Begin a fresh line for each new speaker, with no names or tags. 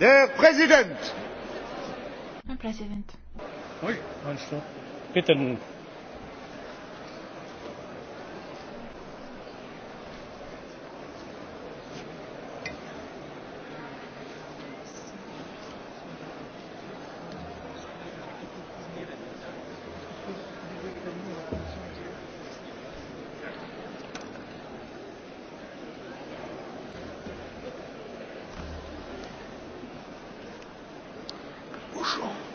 Der Präsident! Herr Präsident! Ui, Bitte.
duszą.